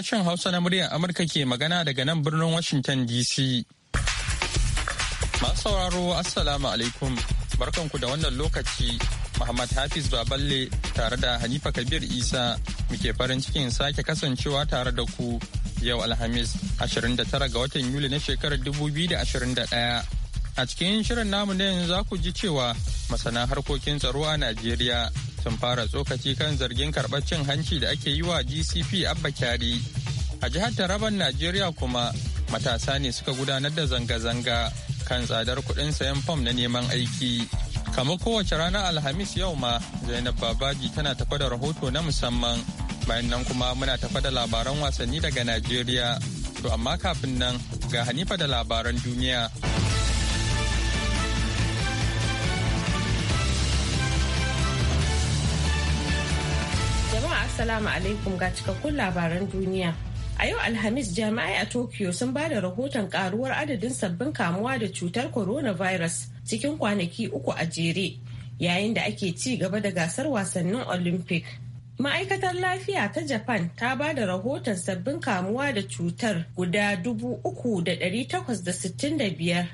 Sashen Hausa na muryar Amurka ke magana daga nan birnin Washington DC. Masu sauraro Assalamu alaikum barkanku da wannan lokaci Muhammad Hafiz Baballe tare da Hanifa Kabir Isa muke farin cikin sake kasancewa tare da ku yau Alhamis 29 ga watan Yuli na shekarar 2021. A cikin shirin namu ne za ku ji cewa masana harkokin tsaro a Najeriya sun fara tsokaci kan zargin karɓar cin hanci da ake yi wa GCP Abba Kyari. A jihar Taraban Najeriya kuma matasa ne suka gudanar da zanga-zanga kan tsadar kuɗin sayan fam na neman aiki. Kamar kowace ranar Alhamis yau ma Zainab Babaji tana tafa da rahoto na musamman. Bayan nan kuma muna tafa da labaran wasanni daga Najeriya. To amma kafin nan ga Hanifa da labaran duniya. Assalamu alaikum ga cikakkun labaran duniya. A yau Alhamis jami'ai a Tokyo sun ba da rahoton karuwar adadin sabbin kamuwa da cutar coronavirus cikin kwanaki uku a jere yayin da ake ci gaba da gasar wasannin Olympic. Ma'aikatar lafiya ta Japan ta ba da rahoton sabbin kamuwa da cutar guda 3,865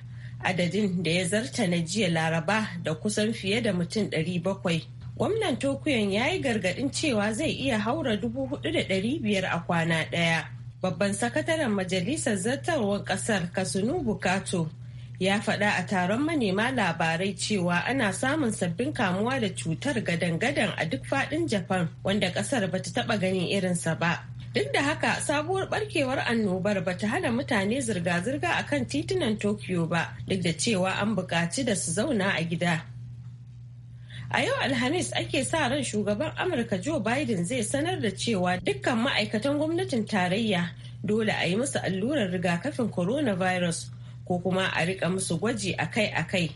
adadin da ya zarta na jiya laraba da kusan fiye da mutum ɗari bakwai. gwamnan tokuyan ya yi gargadin cewa zai iya haura dubu hudu da ɗari biyar a kwana daya babban sakataren majalisar zartarwar kasar kasunu bukato ya faɗa a taron manema labarai cewa ana samun sabbin kamuwa da cutar gadan-gadan a duk faɗin japan wanda ƙasar bata taɓa ganin irinsa ba duk da haka sabuwar barkewar annobar ba ta hana mutane zirga-zirga a kan titunan tokyo ba duk da cewa an buƙaci da su zauna a gida A yau Alhamis ake sa ran shugaban Amurka Joe Biden zai sanar da cewa dukkan ma'aikatan gwamnatin tarayya dole a yi musu allurar rigakafin coronavirus ko kuma a rika musu gwaji akai-akai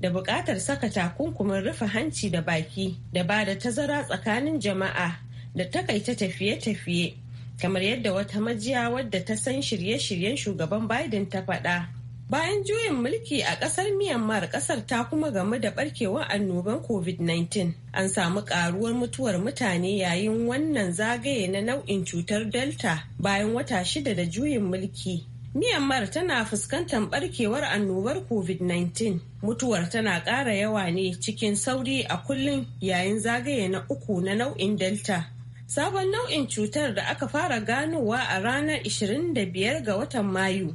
da buƙatar saka takunkumin rufe hanci da baki da ba da tazara tsakanin jama'a da takaita tafiye-tafiye kamar yadda wata majiya wadda ta san shirye-shiryen shugaban Biden ta faɗa. Bayan juyin mulki a ƙasar Myanmar ƙasar ta kuma game da ɓarkewar annoban COVID-19. An samu ƙaruwar mutuwar mutane yayin wannan zagaye na nau'in cutar Delta bayan wata shida da juyin mulki. Myanmar tana fuskantar ɓarkewar annobar COVID-19. Mutuwar tana ƙara yawa ne cikin sauri a kullum yayin zagaye na uku na nau'in Delta. Sabon nau'in cutar da aka fara ganowa a ranar 25 ga watan Mayu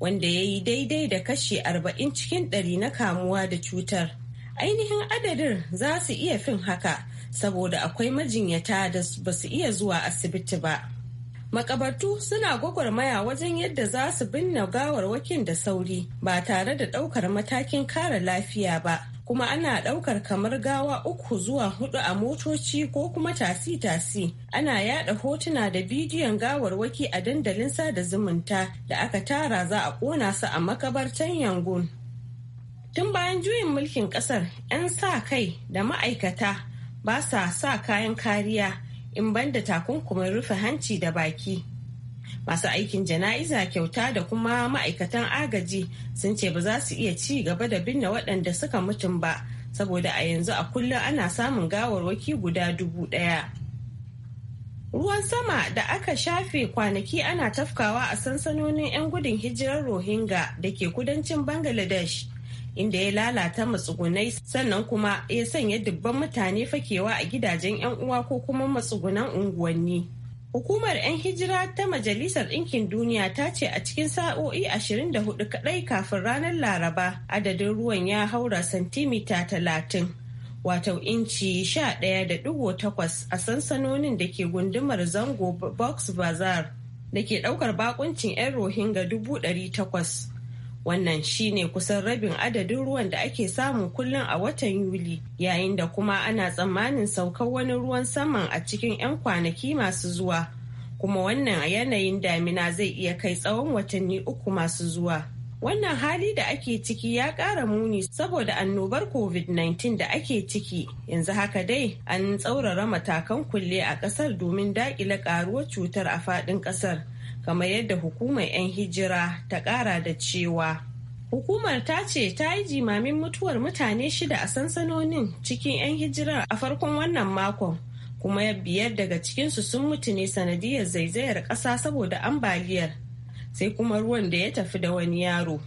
wanda ya yi daidai da kashi 40 cikin ɗari na kamuwa da cutar. Ainihin adadin za su iya fin haka saboda akwai majinyata da ba su iya zuwa asibiti ba. makabartu suna gwagwarmaya wajen yadda za su binne gawarwakin da sauri ba tare da ɗaukar matakin kare lafiya ba kuma ana ɗaukar kamar gawa uku zuwa hudu a motoci ko kuma tasi-tasi ana yada hotuna da bidiyon gawarwaki a dandalin sada zumunta da aka tara za a ƙona su a makabartan yangon tun bayan juyin mulkin ƙasar 'yan sa kai da ma'aikata ba sa sa kayan kariya in banda takunkumin rufe hanci da baki masu aikin jana'iza kyauta da kuma ma'aikatan agaji sun ce ba za su iya ci gaba da binne waɗanda suka mutum ba saboda a yanzu a kullum ana samun gawarwaki guda dubu ɗaya ruwan sama da aka shafe kwanaki ana tafkawa a sansanonin 'yan gudun hijirar rohingya da ke kudancin bangladesh inda ya lalata matsugunai sannan kuma ya sanya dubban mutane fakewa a gidajen 'yan uwa ko kuma matsugunan unguwanni. Hukumar 'yan hijira ta Majalisar Ɗinkin Duniya ta ce a cikin sa'o'i 24 kadai kafin ranar Laraba adadin ruwan ya haura santimita 30, wato inci 11.8 a sansanonin da ke gundumar zango Box Bazar da ke ɗaukar bakuncin 'yan Rohingya 800. Wannan shi ne kusan rabin adadin ruwan da ake samu kullum a watan Yuli, yayin da kuma ana tsammanin saukar wani ruwan saman a cikin 'yan kwanaki masu zuwa. Kuma wannan a yanayin damina zai iya kai tsawon watanni uku masu zuwa. Wannan hali da ake ciki ya ƙara muni saboda annobar COVID-19 da ake ciki. Yanzu haka dai an tsaurara matakan kulle a ƙasar domin daƙile ƙaruwar cutar a faɗin ƙasar. kamar yadda hukumar 'yan hijira ta kara da cewa hukumar ta ce ta yi jimamin mutuwar mutane shida a sansanonin cikin 'yan hijirar a farkon wannan makon kuma biyar daga cikinsu sun mutu ne sanadiyar zaizayar ƙasa saboda ambaliyar sai kuma ruwan da ya tafi da wani yaro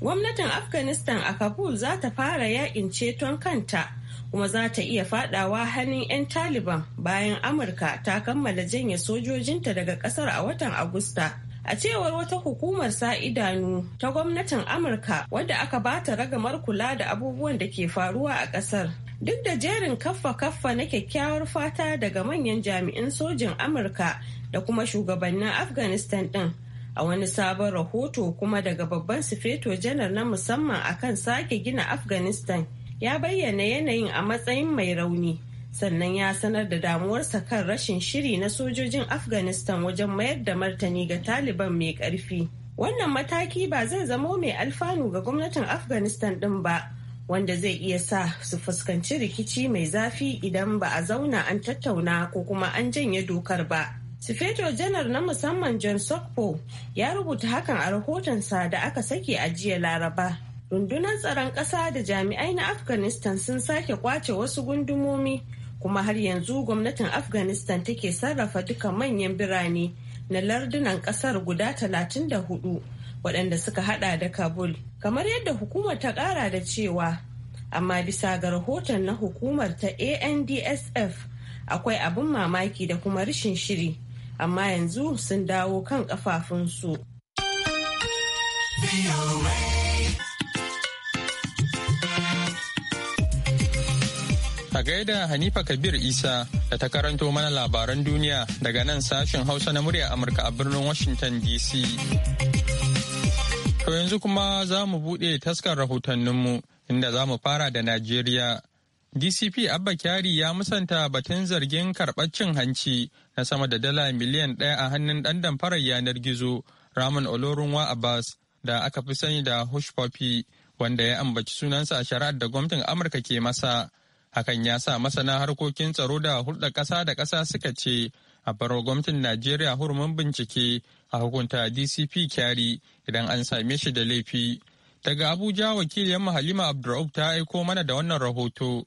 gwamnatin afghanistan a kabul za ta fara yakin ceton kanta kuma za ta iya fadawa hannun 'yan taliban bayan amurka ta kammala janya sojojinta daga kasar a watan agusta a cewar wata hukumar sa idanu ta gwamnatin amurka wadda aka bata ragamar kula da abubuwan da ke faruwa a kasar duk da jerin kaffa-kaffa na kyakkyawar fata daga manyan jami'in sojin amurka da kuma shugabannin afghanistan din a wani sabon rahoto kuma daga babban sufeto janar na musamman akan sake gina afghanistan ya bayyana yanayin a matsayin mai rauni sannan ya sanar da damuwarsa kan rashin shiri na sojojin afghanistan wajen mayar da martani ga taliban mai karfi wannan mataki ba zai zamo mai alfanu ga gwamnatin afghanistan din ba wanda zai iya sa su fuskanci rikici mai zafi idan ba a zauna an tattauna ko kuma an janye dokar ba Sufeto janar na musamman John Sokpo ya rubuta hakan a rahotonsa da aka sake a jiya Laraba rundunar tsaron ƙasa da jami'ai na afghanistan sun sake kwace wasu gundumomi kuma har yanzu gwamnatin afghanistan take sarrafa duka manyan birane na lardunan ƙasar guda 34 waɗanda suka hada da kabul kamar yadda hukumar ta ƙara da cewa amma bisa ga rahoton na hukumar ta andsf akwai abin mamaki da kuma rashin shiri amma yanzu sun dawo kan ƙafafunsu. A gaida Hanifa Kabir Isa da ta karanto mana labaran duniya daga nan sashen Hausa na murya Amurka a birnin Washington DC. To yanzu kuma za mu buɗe taskar rahotanninmu inda za mu fara da Najeriya. DCP Abba Kyari ya musanta batun zargin karɓar cin hanci na sama da dala miliyan ɗaya a hannun ɗan damfarar yanar gizo Raman Olorunwa Abbas da aka fi sani da Hush wanda ya ambaci sunansa a shari'ar da gwamnatin Amurka ke masa. hakan ya sa masana harkokin tsaro da hulɗa ƙasa da ƙasa suka ce a farar gwamnatin najeriya hurumin bincike a hukunta dcp kyari idan an same shi da laifi daga abuja wakiliyar halima abdurraub ta aiko mana da wannan rahoto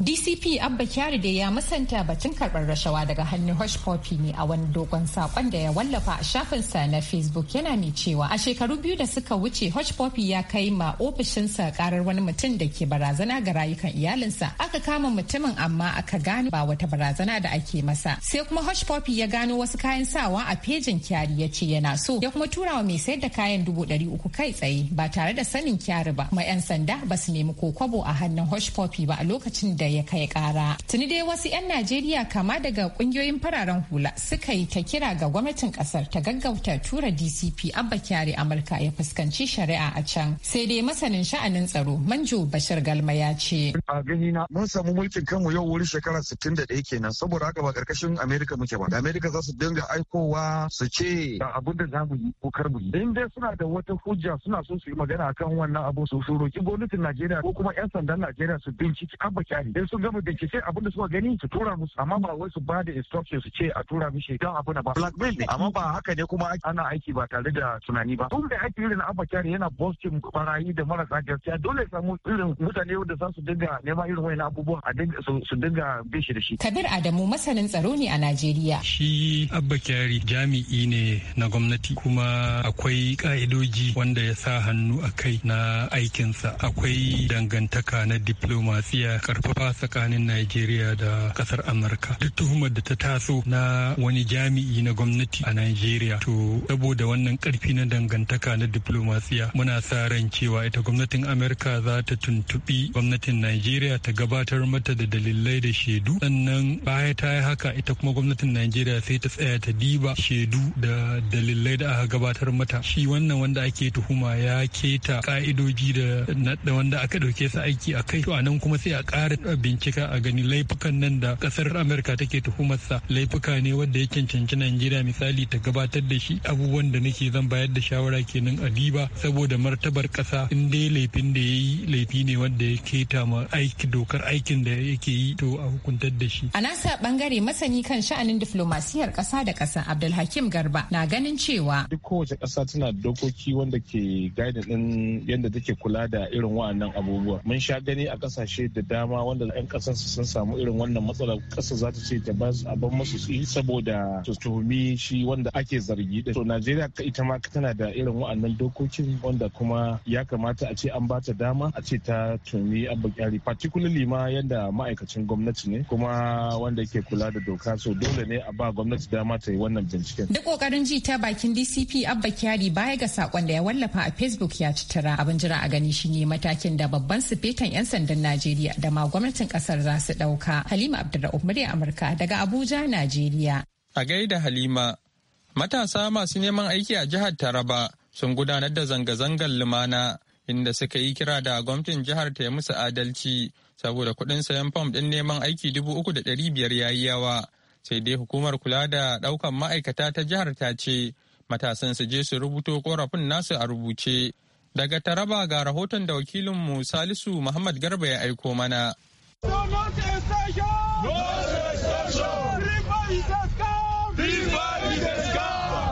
DCP Abba Kyari da ya musanta batun karbar rashawa daga hannun Hush Poppy ne a wani dogon saƙon da ya wallafa a shafin sa na Facebook yana mai cewa a shekaru biyu da suka wuce Hush Poppy ya kai ma ofishinsa karar wani mutum da ke barazana ga rayukan iyalinsa. Aka kama mutumin amma aka gano ba wata barazana da ake masa. Sai kuma Hush Poppy ya gano wasu kayan sawa a pejin Kyari ya ce yana so ya kuma tura wa mai sayar da kayan dubu ɗari uku kai tsaye ba tare da sanin Kyari ba. Ma 'yan sanda ba su nemi kokobo a hannun Hush Poppy ba a lokacin da ya kai kara. Tuni dai wasu 'yan Najeriya kama daga kungiyoyin fararen hula suka yi ta kira ga gwamnatin kasar ta gaggauta tura DCP Abba Kyari Amurka ya fuskanci shari'a a can. Sai dai masanin sha'anin tsaro Manjo Bashir Galma ya ce. A gani na mun samu mulkin kanmu yau wuri shekara 61 kenan saboda haka ba karkashin Amerika muke ba. Da Amerika za su dinga aikowa su ce da abin da za mu yi ko kar mu yi. In dai suna da wata hujja suna so su yi magana akan wannan abu su roki gwamnatin Najeriya ko kuma 'yan sandan Najeriya su binciki Abba Kyari. in sun gama bincike abin da suka gani su tura musu amma ba wai su ba da instruction su ce a tura mishi don abu na ba blackmail ne amma ba haka ne kuma ana aiki ba tare da tunani ba tun da aiki irin abba kyari yana bostin barayi da marasa gaskiya dole samu irin mutane da za su dinga neman irin wani abubuwa a su dinga bishi da shi kabir adamu masanin tsaro ne a najeriya shi abba kyari jami'i ne na gwamnati kuma akwai ka'idoji wanda ya sa hannu a kai na aikinsa akwai dangantaka na diplomasiya karfafa a tsakanin Najeriya da kasar Amurka. Duk tuhumar da ta taso na wani jami'i na gwamnati a Najeriya. To saboda wannan karfi na dangantaka na diplomasiya muna sa ran cewa ita gwamnatin Amurka za ta tuntubi gwamnatin Najeriya ta gabatar mata da dalilai da shaidu. Sannan baya ta yi haka ita kuma gwamnatin Najeriya sai ta tsaya ta diba shaidu da dalilai da aka gabatar mata. Shi wannan wanda ake tuhuma ya keta ka'idoji da wanda aka ɗauke su aiki a kai. To a nan kuma sai a ƙara bincika a gani laifukan nan da kasar amurka take tuhumarsa laifuka ne wanda ya cancanci nigeria misali ta gabatar da shi abubuwan da nake zan bayar da shawara kenan a diba saboda martabar kasa in dai laifin da ya yi laifi ne wanda ya keta ma aiki dokar aikin da yake yi to a hukuntar da shi a nasa bangare masani kan sha'anin diflomasiyar kasa da kasa abdulhakim garba na ganin cewa duk kowace kasa tana dokoki wanda ke gaida din yadda take kula da irin wa'annan abubuwa mun sha gani a kasashe da dama wanda da 'yan su sun samu irin wannan matsalar kasa za ta ce ta ba su abin musu su yi saboda su tuhumi shi wanda ake zargi da to najeriya ita ma tana da irin wa'annan dokokin wanda kuma ya kamata a ce an ba ta dama a ce ta tuhumi abin kyari particularly ma yadda ma'aikacin gwamnati ne kuma wanda ke kula da doka so dole ne a ba gwamnati dama ta yi wannan binciken duk kokarin ji ta bakin dcp abba kyari baya ga sakon da ya wallafa a facebook ya ci tara abin jira a gani shine matakin da babban sufetan 'yan sandan najeriya da ma gwamnati gwamnatin kasar za su ɗauka. Halima Abdulra'uf murya Amurka daga Abuja, Najeriya. A gaida Halima, matasa masu neman aiki a jihar Taraba sun gudanar da zanga-zangar lumana inda suka yi kira da gwamnatin jihar ta yi musu adalci saboda kuɗin sayan fam ɗin neman aiki dubu uku da ɗari biyar ya yi yawa. Sai dai hukumar kula da ɗaukan ma'aikata ta jihar ta ce matasan su je su rubuto korafin nasu a rubuce. Daga Taraba ga rahoton da wakilinmu Salisu Muhammad Garba ya aiko mana. Viva Viva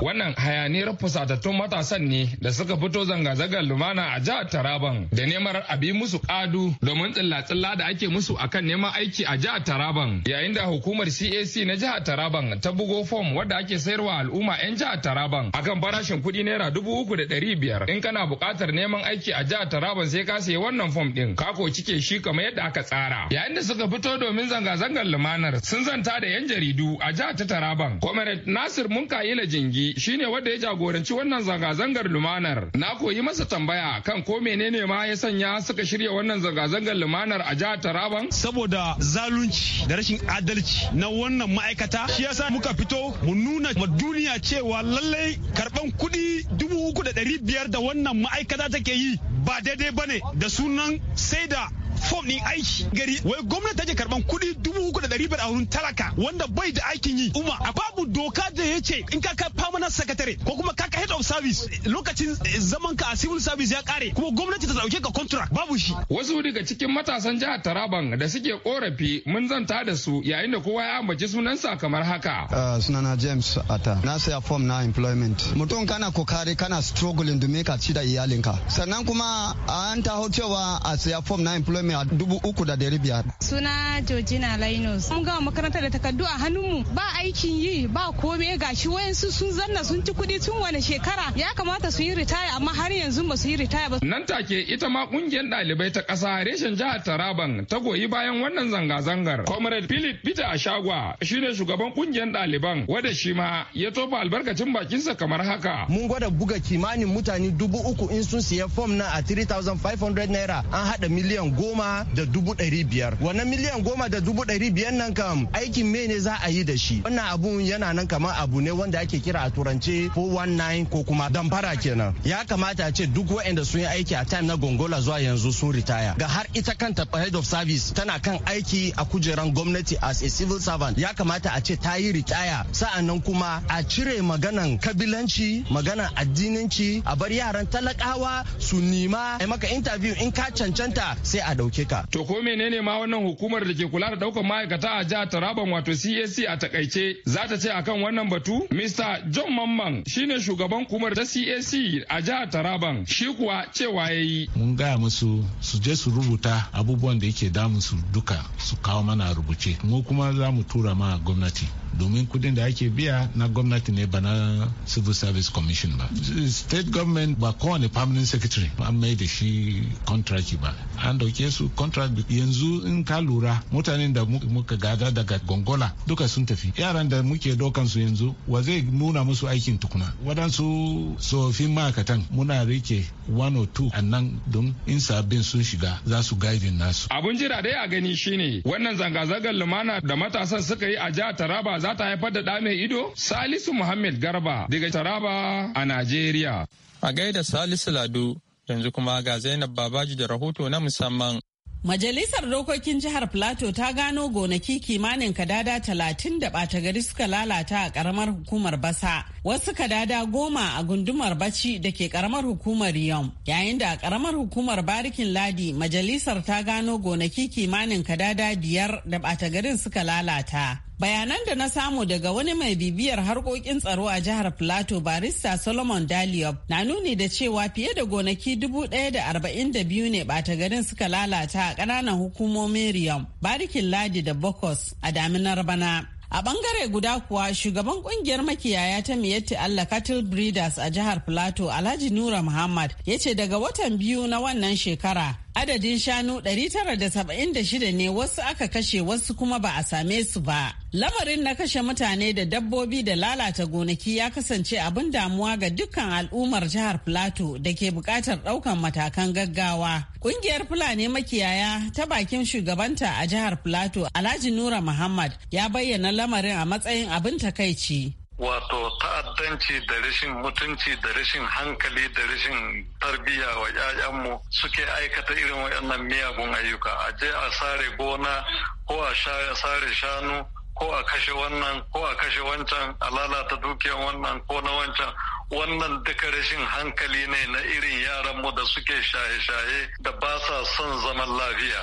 Wannan hayaniyar fusatattun matasan ne da suka fito zanga-zangar lumana a jihar Taraban da neman abi musu kadu domin tsilla-tsilla da ake musu akan neman aiki a jihar Taraban. Yayin da hukumar CAC na jihar Taraban ta bugo fom wadda ake sayarwa al'umma 'yan jihar Taraban akan farashin kuɗi naira dubu uku da ɗari biyar. In kana buƙatar neman aiki a jihar Taraban sai ka sayi wannan fom ɗin kako cike shi kamar yadda aka tsara. Yayin da suka fito domin zanga-zangar lumanar sun zanta da 'yan jaridu a jihar ta Taraban. Comrade Nasir Munkayila Jingi shine wanda ya jagoranci wannan zanga-zangar lumanar. Na koyi masa tambaya kan ko menene ma ya sanya suka shirya wannan zanga-zangar lumanar a jihar Taraban. Saboda zalunci da rashin adalci na wannan ma'aikata shi yasa muka fito mu nuna ma duniya cewa lallai karban kuɗi dubu uku da ɗari biyar da wannan ma'aikata take yi ba daidai bane da sunan sai da fom din aiki gari wai gwamnati take karban kuɗi dubu uku da ɗari biyar a wurin talaka wanda bai da aikin yi uma a babu doka da ya ce in ka kai permanent secretary ko kuma ka kai head of service lokacin eh, zaman ka a civil service ya kare kuma gwamnati ta dauke ka contract babu shi wasu daga cikin matasan jihar Taraban da suke korafi mun zanta da su yayin da kowa ya ambaci sunansa kamar haka ah, sunana James Ata na saya form na employment mutum kana kokari kana struggling domin ka ci da iyalinka sannan kuma an taho cewa a saya form na employment mai a dubu uku da dari biyar. Suna Georgina Linus. Mun gama makarantar da takardu a hannunmu ba aikin yi ba kome gashi wayansu sun zanna sun ci kuɗi tun wani shekara ya kamata su yi ritaya amma har yanzu ba su yi ritaya ba. Nan take ita ma kungiyar ɗalibai ta ƙasa reshen jihar Taraban ta goyi bayan wannan zanga-zangar. Comrade Philip Peter Ashagwa shine shugaban kungiyar ɗaliban wanda shi ma ya tofa albarkacin bakinsa kamar haka. Mun gwada buga kimanin mutane dubu uku in sun siya fom na a 3,500 naira an haɗa miliyan goma. goma da dubu ɗari biyar wannan miliyan goma da dubu ɗari biyar nan kam aikin me ne za a yi da shi wannan abun yana nan kamar abu ne wanda ake kira a turance 419 ko kuma damfara kenan ya kamata a ce duk waɗanda sun yi aiki a time na gongola zuwa yanzu sun ritaya ga har ita kanta head of service tana kan aiki a kujeran gwamnati as a civil servant ya kamata a ce ta yi ritaya sa'annan kuma a cire maganan kabilanci maganan addininci a bar yaran talakawa su nima a maka interview in ka cancanta sai a ɗauke ka. To ko menene ma wannan hukumar da ke kula da ɗaukar ma'aikata a jihar Taraban wato CAC a takaice za ta ce akan wannan batu? Mr. John Mamman shine shugaban hukumar ta CAC a jihar Taraban shi kuwa cewa ya yi. Mun gaya musu su je su rubuta abubuwan da yake damun su duka su kawo mana rubuce. Mu kuma za mu tura ma gwamnati. domin kudin da ake biya na gwamnati ne ba na civil service commission ba state government ba kowane permanent secretary an mai da shi contract ba an dauke su contract yanzu in ka lura mutanen da muka gada daga gongola duka sun tafi yaran da muke dokan su yanzu wa zai nuna musu aikin tukuna wadansu tsofin ma'aikatan muna rike 102 a nan don in sabbin sun shiga za su gaidin nasu abun jira dai a gani shine wannan zanga-zangar lumana da matasan suka yi a jihar taraba za ta haifar da ɗa mai ido salisu muhammad garba daga taraba a najeriya a gaida salisu ladu. Yanzu kuma ga Zainab Babaji da rahoto na musamman. Majalisar Dokokin Jihar Plateau ta gano gonaki kimanin kadada talatin da ɓata gari suka lalata a ƙaramar hukumar Basa. Wasu kadada goma a gundumar bacci da ke ƙaramar hukumar Yom. Yayin da a ƙaramar hukumar Barikin Ladi, majalisar ta gano gonaki kimanin kadada biyar da ɓata garin suka lalata. Bayanan da na samu daga wani mai bibiyar harkokin tsaro a jihar plato barista Solomon Daliop na nuni da cewa fiye da gonaki dubu ɗaya da arba'in da biyu ne bata garin suka lalata a ƙananan hukumomin Riyam, Barikin Ladi da Bokos a daminar bana. A bangare guda kuwa shugaban kungiyar makiyaya ta miyatti Allah Cattle Breeders a jihar Plateau Alhaji Nura Muhammad ya ce daga watan biyu na wannan shekara Adadin shanu 976 ne wasu aka kashe wasu kuma ba a same su ba. Lamarin na kashe mutane da dabbobi da lalata gonaki ya kasance abin damuwa ga dukkan al'ummar jihar Filato da ke bukatar daukan matakan gaggawa. Kungiyar Fulani makiyaya ta bakin shugabanta a jihar Filato Alhaji Nura Muhammad ya bayyana lamarin a matsayin abin takaici. wato ta'addanci da rashin mutunci da rashin hankali da rashin tarbiyya wa 'ya'yanmu suke aikata irin waɗannan miyagun ayyuka a je a sare gona ko a sare shanu ko a kashe wannan ko a kashe wancan a lalata dukiyan wannan ko na wancan wannan duka rashin hankali ne na irin yaranmu da suke shaye-shaye da ba sa son zaman lafiya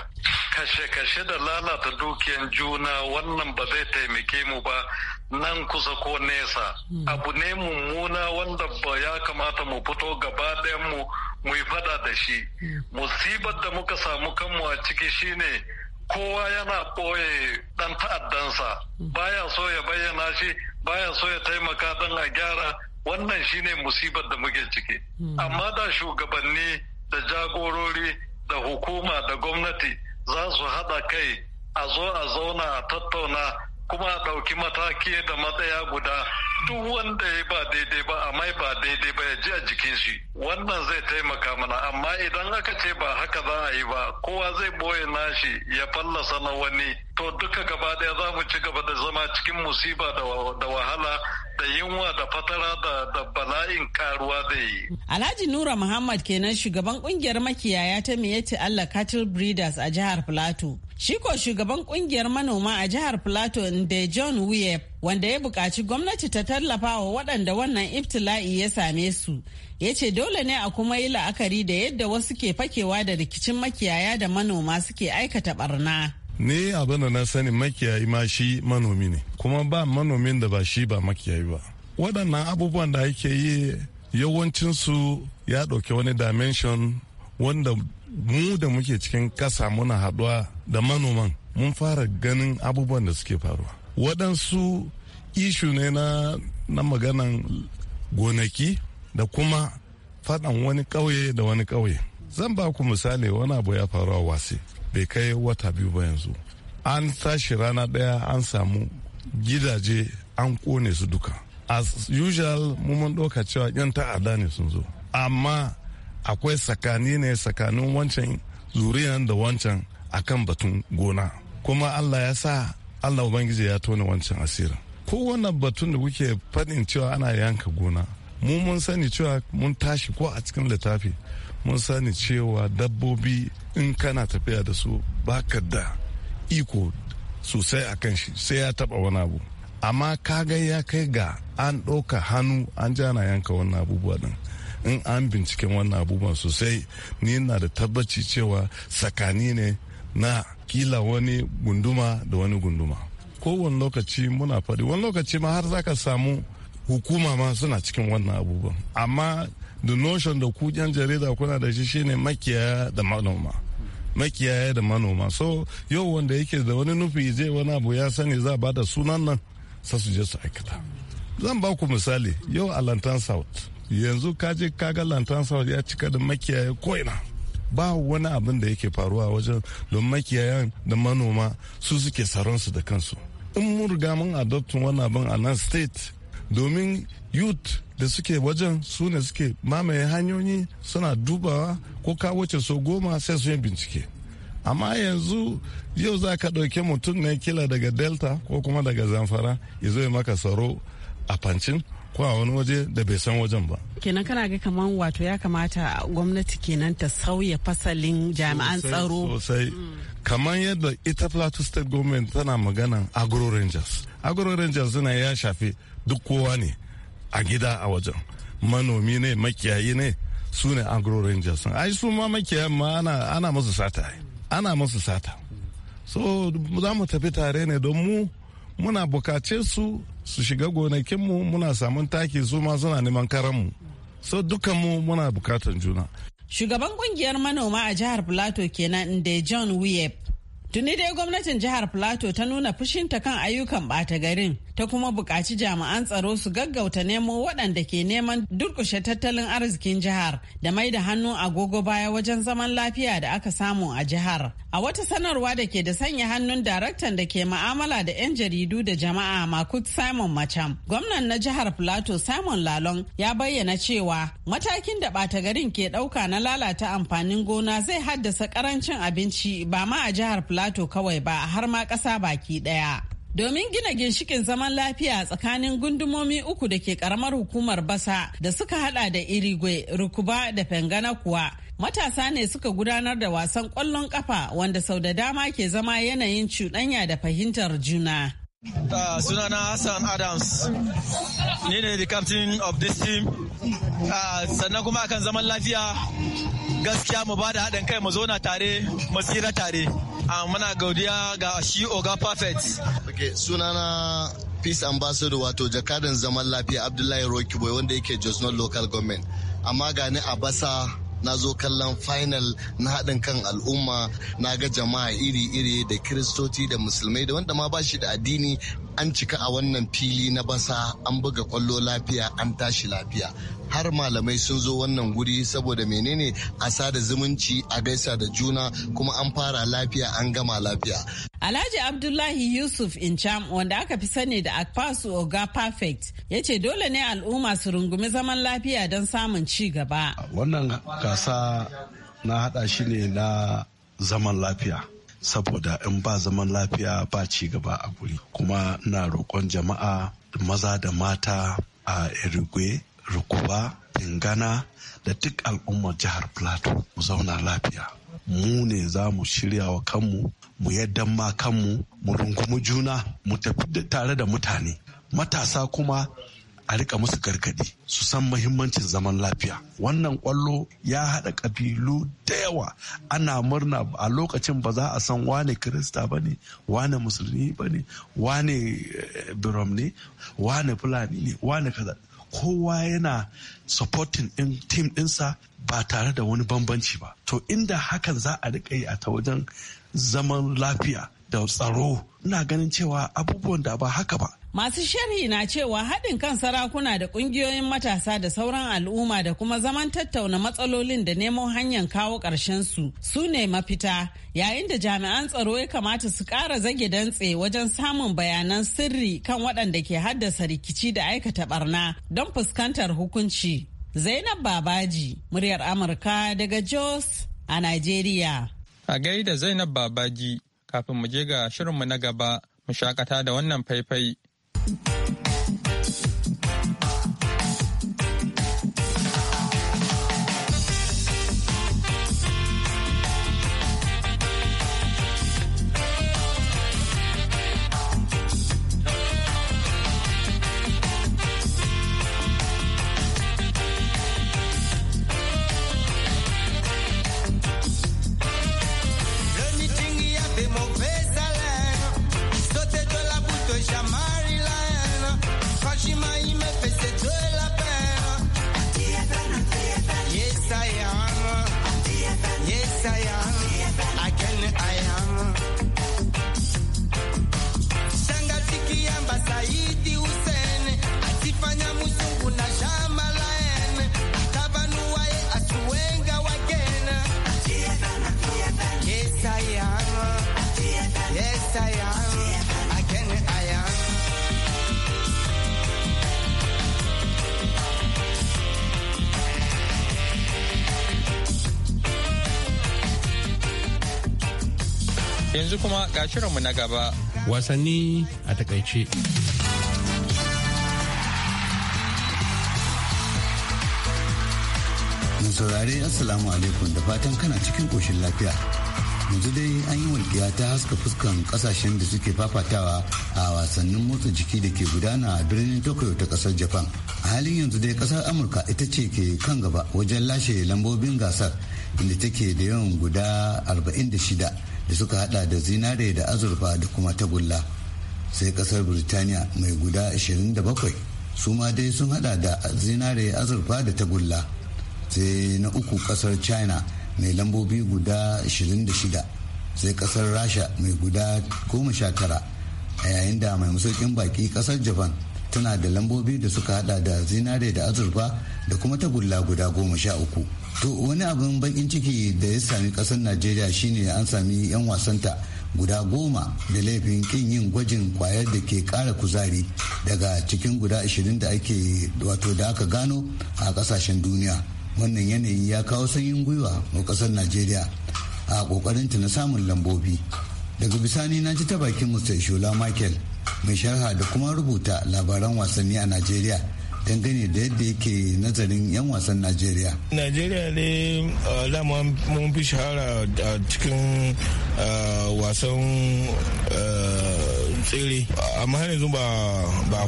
kashe-kashe da lalata dukiyan juna wannan ba zai taimake mu ba nan kusa ko nesa hmm. abu ne mummuna wanda ba ya kamata mu fito gaba mu mu yi fada da shi hmm. musibar da muka samu kanmu a ciki shine kowa yana ɓoye ɗan ta'addansa baya so ya bayyana shi baya so ya taimaka dan a gyara wannan shine musibar da muke ciki hmm. amma da shugabanni da jagorori da hukuma da gwamnati za su haɗa kai a zo a zauna a tattauna kuma a ɗauki mataki da matsaya guda duk wanda ya ba daidai ba amma ba daidai ba ya ji a jikin shi wannan zai taimaka mana amma idan aka ce ba haka za a yi ba kowa zai boye nashi ya fallasa na wani to duka gaba daya za mu ci gaba da zama cikin musiba da wahala da yunwa da fatara da, da bala'in karuwa da yi. Alhaji Nura Muhammad kenan shugaban kungiyar makiyaya ta Miyetti Allah Cattle Breeders a jihar Plateau. Shi shugaban kungiyar manoma a jihar Plateau da John Wiyep wanda ya buƙaci gwamnati ta tallafa wa waɗanda wannan iftila'i ya same su ya ce dole ne a kuma yi la'akari da yadda wasu ke fakewa da rikicin makiyaya da manoma suke aikata barna. ne abin da na sani makiyayi ma shi manomi ne kuma ba manomin da ba shi ba makiyayi ba waɗannan abubuwan da ake yi yawancinsu ya ɗauki wani dimension wanda mu da muke cikin ƙasa muna haɗuwa da manoman mun fara ganin abubuwan da suke faruwa waɗansu ishu ne na, na maganan gonaki da kuma faɗan wani ƙauye da wani ƙauye zan ba ku misali wani abu ya faru a wasi bai kai wata biyu ba yanzu an tashi rana ɗaya an samu gidaje an ƙone su duka as usual mun ɗauka cewa yan ta'adda ne sun zo amma akwai sakani ne tsakanin wancan zuriyan da wancan akan batun gona kuma allah ya sa allah ubangiji ya tona wancan asirin ko wannan batun da kuke faɗin cewa ana yanka gona mu mun sani cewa mun tashi ko a cikin littafi mun sani cewa dabbobi in kana tafiya da su baka da iko sosai a kan shi sai ya taba wani abu amma kaga ya kai ga an ɗauka hannu an jana yanka wannan abubuwa din in an binciken wannan abubuwa sosai ni na da tabbaci cewa tsakani ne na kila wani gunduma da wani gunduma kowane lokaci muna faɗi wani lokaci ma har zaka samu hukuma ma suna cikin wannan abubuwan amma the notion da ku yan jarida kuna da shi shine makiyaya da manoma makiyaya da manoma so yau wanda yake da wani nufi zai wani abu ya sani za ba da sunan nan sa su je su aikata zan ba ku misali yau a lantan south yanzu kaje kaga lantan south ya cika da makiyaya ko'ina ba wani abin da yake faruwa wajen don makiyayan da manoma su suke saronsu da kansu in mun riga mun adoptin wani abin a nan state domin youth da suke wajen su ne suke mamaye hanyoyi suna dubawa ko ka wuce so goma sai su yi bincike amma yanzu yau za ka ɗauki mutum ne kila daga delta ko kuma daga zamfara ya zo maka tsaro a fancin ko a wani waje da bai san wajen ba kenan kana ga kamar wato ya kamata gwamnati kenan ta sauya fasalin jami'an tsaro sosai hmm. kamar yadda ita plateau state government tana magana agro rangers agro rangers suna ya shafi duk kowa ne a gida a wajen manomi ne makiyayi ne su ne agro rangers ai su ma makiyayi ma ana masu sata ana masu sata so za mu tafi tare ne don mu muna bukace su su shiga gonakinmu muna samun taki su ma suna neman karanmu so dukanmu muna bukatan juna shugaban kungiyar manoma a jihar plateau kenan da john wiyep Tuni dai gwamnatin jihar Plateau ta nuna fushinta kan ayyukan bata garin, ta kuma bukaci jami'an tsaro su gaggauta nemo waɗanda ke neman durƙushe tattalin arzikin jihar da mai da hannu agogo baya wajen zaman lafiya da aka samu a jihar. A wata sanarwa da ke da sanya hannun daraktan da ke ma'amala da 'yan jaridu da jama'a Makut Simon Macham, gwamnan na jihar Plateau Simon Lalong ya bayyana cewa matakin da ɓata garin ke ɗauka na lalata amfanin gona zai haddasa ƙarancin abinci ba ma a jihar Plateau bato kawai ba har ma ƙasa baki ɗaya. Domin gina ginshikin zaman lafiya tsakanin gundumomi uku da ke karamar hukumar basa da suka hada da irigwe, rukuba da fengana kuwa matasa ne suka gudanar da wasan ƙwallon ƙafa wanda sau da dama ke zama yanayin cuɗanya da fahimtar juna. Uh, sunana Hassan Adams ni ne the captain of this team uh, sannan kuma akan zaman lafiya gaskiya mu ba da haɗin kai mu zauna tare mu tsira tare uh, muna gaudiya ga shi oga perfect okay, sunana peace ambassador wato jakadan zaman lafiya abdullahi rokiboy wanda yake jos local government amma gani a basa na zo kallon final na haɗin kan al'umma na ga jama'a iri-iri da kiristoci da musulmai da wanda ma ba shi da addini an cika a wannan fili na basa an buga kwallo lafiya an tashi lafiya har malamai sun zo wannan guri saboda menene a sada zumunci a gaisa da juna kuma an fara lafiya an gama lafiya. Alhaji Abdullahi Yusuf Incham wanda aka fi sani da Akpasu Oga Perfect ya ce dole ne al'umma su rungumi zaman lafiya don samun ci gaba. Wannan gasa na hada shi ne na zaman lafiya. saboda in ba zaman lafiya ba ci gaba a guri kuma na roƙon jama'a maza da mata a irigwe rukuba dingana da duk al'ummar jihar plateau mu zauna lafiya mu ne za mu shirya wa kanmu mu yadda ma kanmu mu rungumi juna mu tafi tare da mutane matasa kuma a rika musu gargadi su san mahimmancin zaman lafiya wannan kwallo ya haɗa ƙabilu da yawa ana murna a lokacin ba za a san wane kirista ba ne wane musulmi ba ne wane eh, birom ne wane fulani ne wane kaza kowa yana supporting din team dinsa ba tare da wani bambanci ba to inda hakan za a riƙa yi a ta wajen zaman lafiya da tsaro ina ganin cewa abubuwan da ba haka ba Masu sharhi na cewa haɗin kan sarakuna da ƙungiyoyin matasa da sauran al'umma da kuma zaman tattauna matsalolin da neman hanyar kawo ƙarshen su ne mafita yayin da jami'an tsaro ya kamata su ƙara zage dantse wajen samun bayanan sirri kan waɗanda ke haddasa rikici da aikata barna don fuskantar hukunci. Zainab Babaji, muryar Amurka daga Jos a Najeriya. A gaida Zainab Babaji, kafin mu je ga shirinmu na gaba, mu shakata da wannan faifai. yanzu kuma ga shirinmu na gaba. Wasanni a takaice. Mun saurari Assalamu alaikum da fatan kana cikin koshin lafiya. yanzu dai an yi walƙiya ta haska fuskan kasashen da suke fafatawa a wasannin motsa jiki da ke gudana a birnin tokyo ta ƙasar japan a halin yanzu dai ƙasar amurka ita ce ke kan gaba wajen lashe lambobin gasar inda take da yawan guda 46 da suka hada da zinare da azurfa da kuma tagulla sai kasar birtaniya mai guda 27 su ma dai sun hada da zinare azurfa da tagulla sai na uku kasar china mai lambobi guda 26 sai kasar rasha mai guda 19 a yayin da mai masaukin baki kasar japan tana da lambobi da suka hada da zinare da azurfa da kuma tagulla guda 13 to wani abin bakin ciki da ya sami kasar najeriya shine an sami 'yan wasanta guda goma da laifin kin yin gwajin kwayar da ke kara kuzari daga cikin guda 20 da ake wato da aka gano a kasashen duniya wannan yanayi ya kawo sanyin gwiwa a kasar najeriya a kokarinta na samun lambobi daga bisani na ji ta bakin mr shola michael mai sharha da kuma rubuta labaran wasanni a najeriya dangane da yadda yake nazarin 'yan wasan najeriya najeriya ne dama mun fi shahara a cikin wasan tsere amma har yanzu ba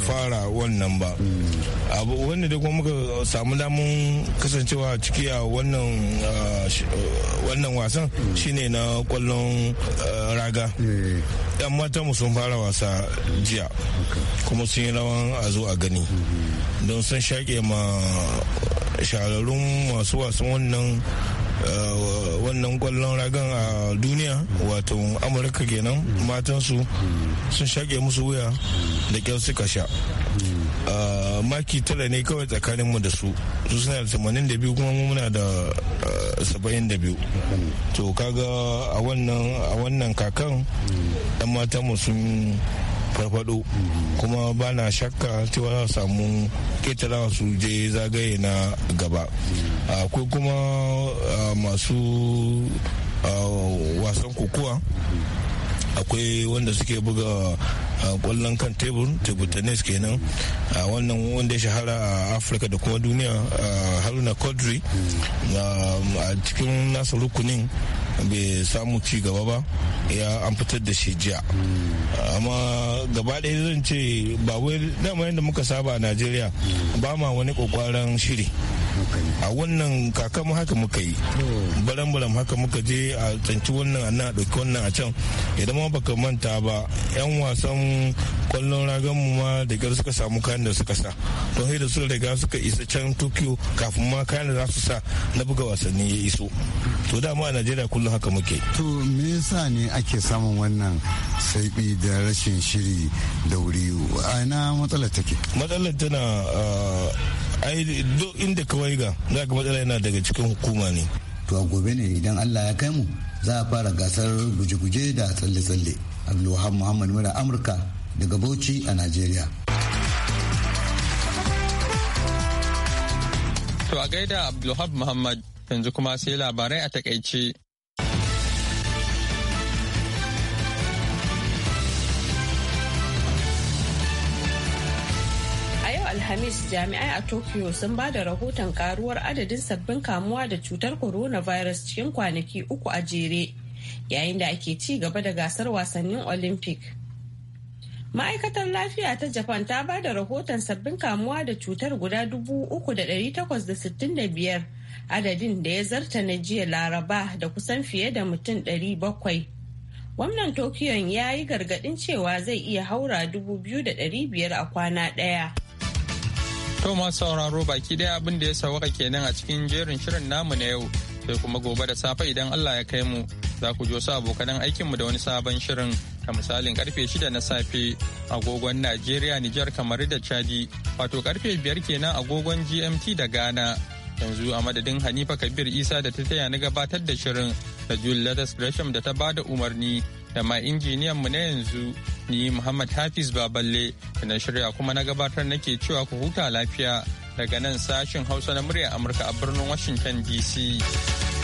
fara wannan ba abu wanda dai kuma muka samu damun kasancewa ciki a wannan wasan shine na kwallon raga eh. yan matan mu sun fara wasa jiya kuma sun yi rawan a zo a gani don sun shaƙe ma shahararrun masu wasan wannan Uh, wannan kwallon ragan a duniya wato amurka kenan matansu sun shaƙe musu wuya da kyau suka sha uh, maki tara ne kawai tsakanin mu da su su suna da tamanin da biyu kuma muna da uh, saba'in da biyu to kaga a wannan kakan 'yan matan mu sun farfado kuma ba na shakka cewa za samu ketara su je zagaye na gaba akwai kuma masu wasan kokowa akwai wanda suke buga kwallon kan tebur tebur tennis kenan a wannan wanda ya shahara a afirka da kuma duniya haruna codri a cikin nasa rukunin bai samu ci gaba ba ya an fitar da shi jiya amma gaba ɗaya zan ce ba wai dama yadda muka saba a najeriya ba ma wani ƙwaƙwaran shiri a wannan kakamu haka muka yi baran-baran haka muka je a tsanci wannan a nan a ɗauki wannan a can idan ma baka manta ba yan wasan kwallon ragan mu ma da gar suka samu kayan da suka sa sai da su riga suka isa can tokyo kafin ma kayan da za su sa na buga wasanni ya iso to dama a najeriya kullum kullum haka muke to me yasa ne ake samun wannan saibi da rashin shiri da wuri a matsalar take matsalar tana ah, ai duk inda kawai ga za ka matsala yana daga cikin hukuma ne to a gobe ne idan Allah ya kai mu za a fara gasar guje-guje da tsalle-tsalle abdulwahab muhammad mura amurka daga bauchi a najeriya to a gaida abdulwahab muhammad yanzu kuma sai labarai a takaice Alhamis jami'ai a Tokyo sun ba da rahoton karuwar adadin sabbin kamuwa da cutar coronavirus cikin kwanaki uku a jere yayin da ake ci gaba da gasar wasannin Olympic. Ma'aikatar lafiya ta Japan ta ba da rahoton sabbin kamuwa da cutar guda 3,865 adadin da ya zarta na jiya laraba da kusan fiye da mutum 700. Gwamnan Tokiyon ya yi gargadin cewa zai iya haura 2,500 a kwana ɗaya. To masu sauraro baki daya abin da ya sawaka kenan a cikin jerin shirin namu na yau sai kuma gobe da safe idan Allah ya kai mu za ku su abokanan aikinmu da wani sabon shirin a misalin karfe 6 na safe agogon Najeriya Nijar kamar da Chadi wato karfe 5 kenan agogon GMT da Ghana yanzu a madadin Hanifa Kabir Isa da ta taya na gabatar da shirin da Julius Gresham da ta bada umarni da ma injiniyan mu na yanzu ni Muhammad Hafiz Baballe da na shirya kuma na gabatar nake cewa ku huta lafiya daga nan sashin Hausa na muryar Amurka a birnin Washington DC.